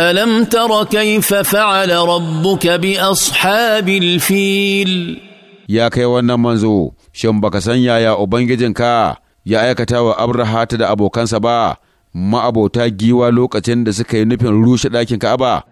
الم تر كيف فعل ربك باصحاب الفيل يا كي wannan manzo shin baka san yaya ubangijinka ya aikata wa abraha da abokansa ba ma'abota giwa lokacin da suka yi nufin rushe ɗakin ka'aba